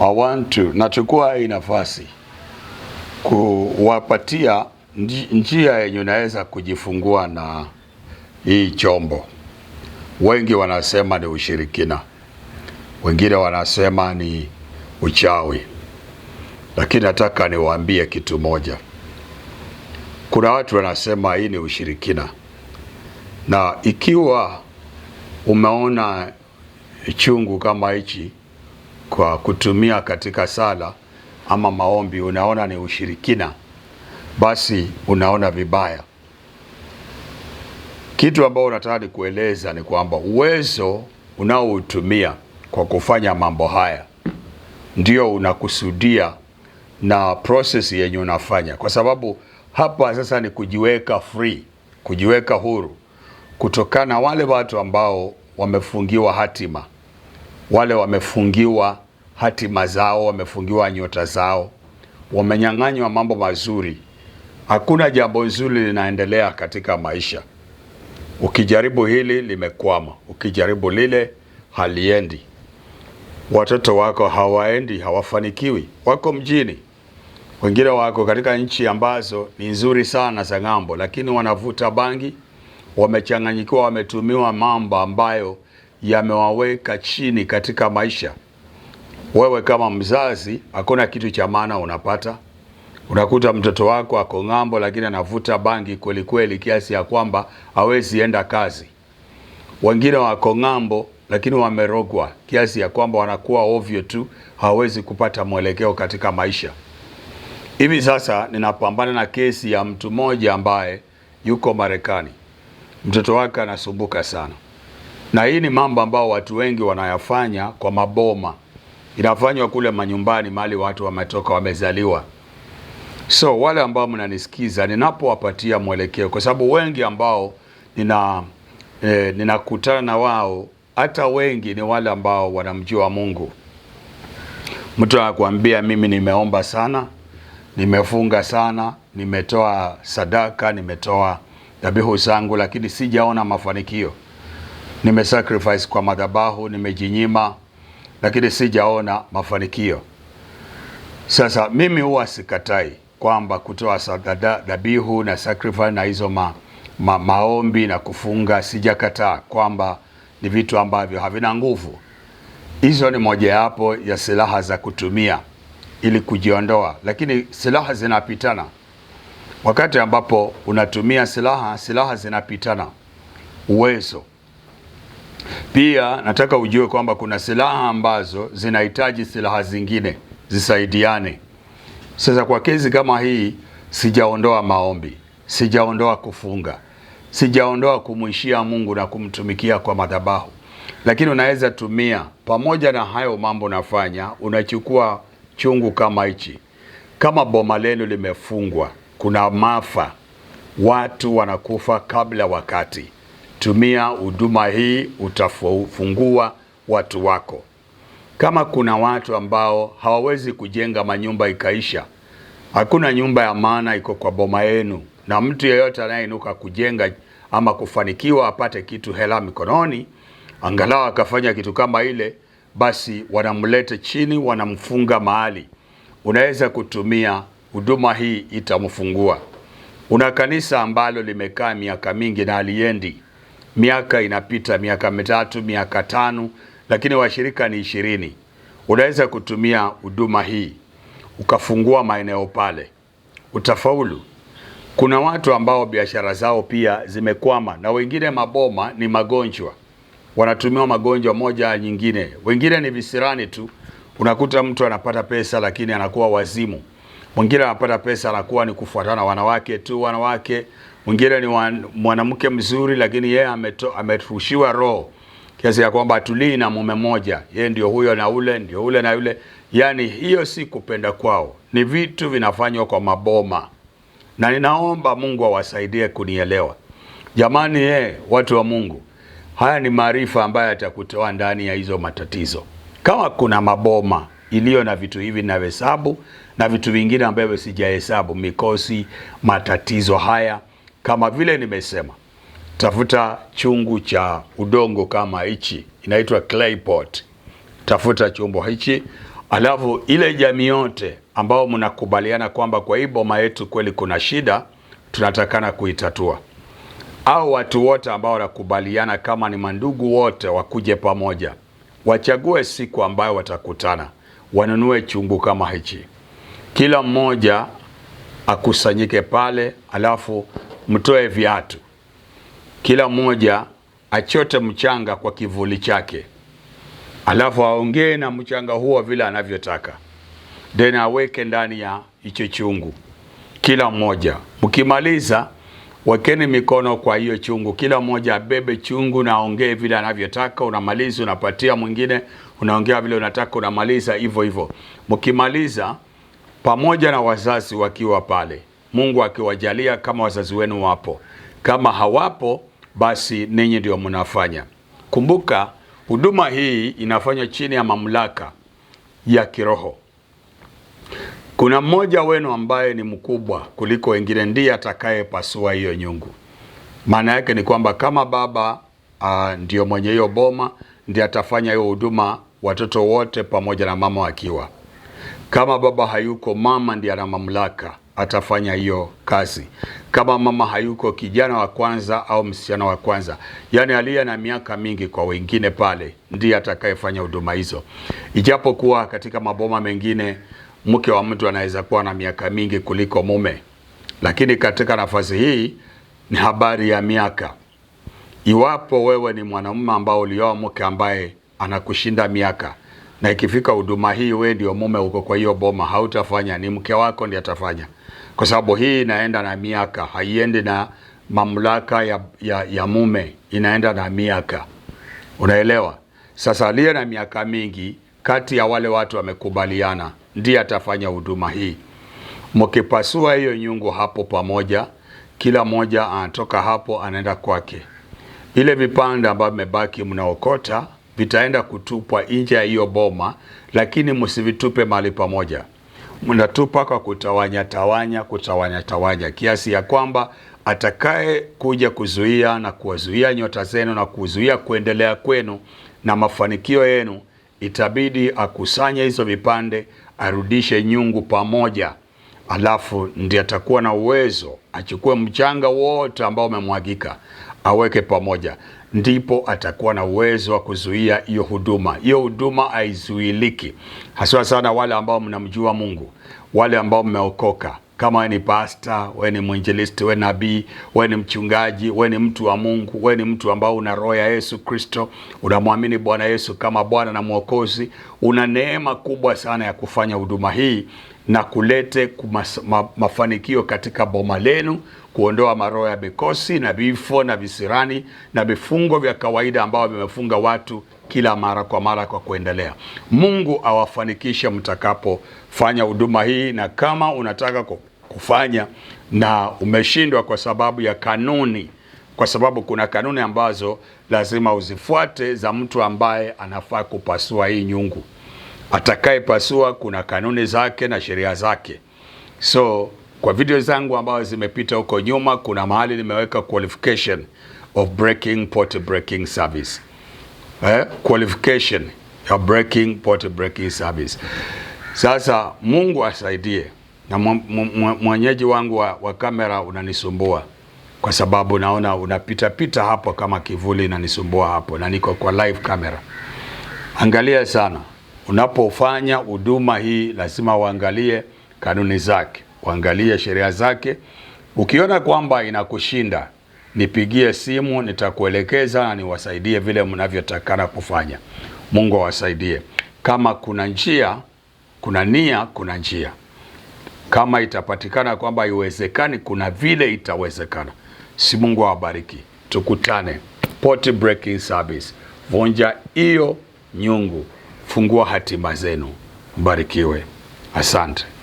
I want to, nachukua hii nafasi kuwapatia njia yenye naweza kujifungua na hii chombo. Wengi wanasema ni ushirikina, wengine wanasema ni uchawi, lakini nataka niwaambie kitu moja. Kuna watu wanasema hii ni ushirikina, na ikiwa umeona chungu kama hichi kwa kutumia katika sala ama maombi unaona ni ushirikina, basi unaona vibaya. Kitu ambayo unataka ni kueleza ni kwamba uwezo unaoutumia kwa kufanya mambo haya ndio unakusudia na process yenye unafanya, kwa sababu hapa sasa ni kujiweka free, kujiweka huru kutokana wale watu ambao wamefungiwa hatima, wale wamefungiwa hatima zao, wamefungiwa nyota zao, wamenyang'anywa mambo mazuri. Hakuna jambo nzuri linaendelea katika maisha. Ukijaribu hili limekwama, ukijaribu lile haliendi. Watoto wako hawaendi, hawafanikiwi, wako mjini, wengine wako katika nchi ambazo ni nzuri sana za ng'ambo, lakini wanavuta bangi, wamechanganyikiwa, wametumiwa mambo ambayo yamewaweka chini katika maisha wewe kama mzazi hakuna kitu cha maana unapata. Unakuta mtoto wako ako ng'ambo, lakini anavuta bangi kweli kweli kiasi ya kwamba hawezi enda kazi. Wengine wako ng'ambo, lakini wamerogwa kiasi ya kwamba wanakuwa ovyo tu, hawezi kupata mwelekeo katika maisha. Hivi sasa ninapambana na kesi ya mtu mmoja ambaye yuko Marekani, mtoto wake anasumbuka sana, na hii ni mambo ambayo watu wengi wanayafanya kwa maboma inafanywa kule manyumbani, mahali watu wametoka, wamezaliwa. So wale ambao mnanisikiza, ninapowapatia mwelekeo, kwa sababu wengi ambao nina eh, ninakutana na wao, hata wengi ni wale ambao wanamjua Mungu. Mtu anakuambia mimi nimeomba sana, nimefunga sana, nimetoa sadaka, nimetoa dhabihu zangu, lakini sijaona mafanikio. Nimesacrifice kwa madhabahu, nimejinyima lakini sijaona mafanikio. Sasa mimi huwa sikatai kwamba kutoa dhabihu na sacrifice na hizo ma, ma, maombi na kufunga, sijakataa kwamba ni vitu ambavyo havina nguvu. Hizo ni mojawapo ya silaha za kutumia ili kujiondoa, lakini silaha zinapitana. Wakati ambapo unatumia silaha, silaha zinapitana uwezo pia nataka ujue kwamba kuna silaha ambazo zinahitaji silaha zingine zisaidiane. Sasa kwa kesi kama hii, sijaondoa maombi, sijaondoa kufunga, sijaondoa kumwishia Mungu na kumtumikia kwa madhabahu, lakini unaweza tumia pamoja na hayo mambo nafanya. Unachukua chungu kama hichi, kama boma lenu limefungwa, kuna maafa, watu wanakufa kabla wakati Tumia huduma hii, utafungua watu wako. Kama kuna watu ambao hawawezi kujenga manyumba ikaisha, hakuna nyumba ya maana iko kwa boma yenu, na mtu yeyote anayeinuka kujenga ama kufanikiwa apate kitu hela mikononi, angalau akafanya kitu kama ile, basi wanamlete chini, wanamfunga mahali. Unaweza kutumia huduma hii, itamfungua. Una kanisa ambalo limekaa miaka mingi na aliendi miaka inapita, miaka mitatu, miaka tano, lakini washirika ni ishirini. Unaweza kutumia huduma hii ukafungua maeneo pale, utafaulu. Kuna watu ambao biashara zao pia zimekwama, na wengine maboma ni magonjwa, wanatumiwa magonjwa moja nyingine, wengine ni visirani tu. Unakuta mtu anapata pesa lakini anakuwa wazimu, mwingine anapata pesa anakuwa ni kufuatana wanawake tu, wanawake mwingine ni mwanamke mzuri, lakini yeye ametushiwa roho kiasi ya kwamba atulii na mume moja yeye ndio huyo na ule ndio ule na yule. Yani hiyo si kupenda kwao, ni vitu vinafanywa kwa maboma, na ninaomba Mungu awasaidie kunielewa jamani. Ye, watu wa Mungu, haya ni maarifa ambayo yatakutoa ndani ya hizo matatizo. Kama kuna maboma iliyo na vitu hivi hesabu na vitu vingine ambavyo sijahesabu, mikosi, matatizo haya kama vile nimesema, tafuta chungu cha udongo kama hichi, inaitwa clay pot. Tafuta chombo hichi, alafu ile jamii yote ambao mnakubaliana kwamba kwa hii boma yetu kweli kuna shida tunatakana kuitatua, au watu wote ambao wanakubaliana kama ni mandugu wote wakuje pamoja, wachague siku ambayo watakutana, wanunue chungu kama hichi, kila mmoja akusanyike pale, alafu mtoe viatu, kila mmoja achote mchanga kwa kivuli chake, alafu aongee na mchanga huo vile anavyotaka, then aweke ndani ya hicho chungu, kila mmoja. Mkimaliza wekeni mikono kwa hiyo chungu, kila mmoja abebe chungu na aongee vile anavyotaka. Unamaliza unapatia mwingine, unaongea vile unataka, unamaliza hivyo hivyo. Mkimaliza pamoja na wazazi wakiwa pale Mungu akiwajalia, kama wazazi wenu wapo. Kama hawapo, basi ninyi ndio mnafanya. Kumbuka, huduma hii inafanywa chini ya mamlaka ya kiroho. Kuna mmoja wenu ambaye ni mkubwa kuliko wengine, ndiye atakayepasua hiyo nyungu. Maana yake ni kwamba kama baba uh, ndio mwenye hiyo boma, ndiye atafanya hiyo huduma, watoto wote pamoja na mama wakiwa. Kama baba hayuko, mama ndiye ana mamlaka atafanya hiyo kazi. Kama mama hayuko, kijana wa kwanza au msichana wa kwanza, yani aliye na miaka mingi kwa wengine pale, ndiye atakayefanya huduma hizo, ijapokuwa katika maboma mengine mke wa mtu anaweza kuwa na miaka mingi kuliko mume, lakini katika nafasi hii ni habari ya miaka. Iwapo wewe ni mwanamume ambao ulioa mke ambaye anakushinda miaka na ikifika huduma hii, wewe ndio mume uko kwa hiyo boma, hautafanya, ni mke wako ndiye atafanya kwa sababu hii inaenda na miaka, haiendi na mamlaka ya, ya, ya mume, inaenda na miaka. Unaelewa? Sasa aliye na miaka mingi kati ya wale watu wamekubaliana, ndiye atafanya huduma hii. Mkipasua hiyo nyungu hapo pamoja, kila mmoja anatoka hapo anaenda kwake. Ile vipande ambavyo vimebaki mnaokota vitaenda kutupwa nje ya hiyo boma, lakini msivitupe mahali pamoja mnatupa kwa kutawanya tawanya kutawanya tawanya kiasi ya kwamba atakaye kuja kuzuia na kuwazuia nyota zenu na kuzuia kuendelea kwenu na mafanikio yenu, itabidi akusanye hizo vipande, arudishe nyungu pamoja, alafu ndiye atakuwa na uwezo achukue mchanga wote ambao umemwagika aweke pamoja ndipo atakuwa na uwezo wa kuzuia hiyo huduma. Hiyo huduma haizuiliki, haswa sana wale ambao mnamjua Mungu, wale ambao mmeokoka kama we ni pasta, we ni mwinjilisti, we nabii, we ni mchungaji, we ni mtu wa Mungu, we ni mtu ambao una roho ya Yesu Kristo, unamwamini Bwana Yesu kama Bwana na Mwokozi, una neema kubwa sana ya kufanya huduma hii na kulete kumas, ma, mafanikio katika boma lenu, kuondoa maroho ya mikosi na vifo na visirani na vifungo vya kawaida ambao vimefunga watu kila mara kwa mara kwa kuendelea. Mungu awafanikishe mtakapofanya huduma hii, na kama unataka kufanya na umeshindwa kwa sababu ya kanuni, kwa sababu kuna kanuni ambazo lazima uzifuate za mtu ambaye anafaa kupasua hii nyungu. Atakayepasua kuna kanuni zake na sheria zake. So kwa video zangu ambazo zimepita huko nyuma, kuna mahali nimeweka qualification of breaking, port breaking service eh, qualification ya breaking port breaking service. Sasa Mungu asaidie na mwenyeji wangu wa, wa kamera unanisumbua kwa sababu naona unapita pita hapo kama kivuli inanisumbua hapo, na niko kwa live camera. Angalia sana unapofanya huduma hii, lazima uangalie kanuni zake, uangalie sheria zake. Ukiona kwamba inakushinda nipigie simu, nitakuelekeza na niwasaidie vile mnavyotakana kufanya. Mungu awasaidie. Kama kuna njia, kuna nia, kuna njia. Kama itapatikana kwamba iwezekani kuna vile itawezekana. Si Mungu awabariki. Tukutane Pot Breaking Service. Vunja hiyo nyungu, fungua hatima zenu. Mbarikiwe. Asante.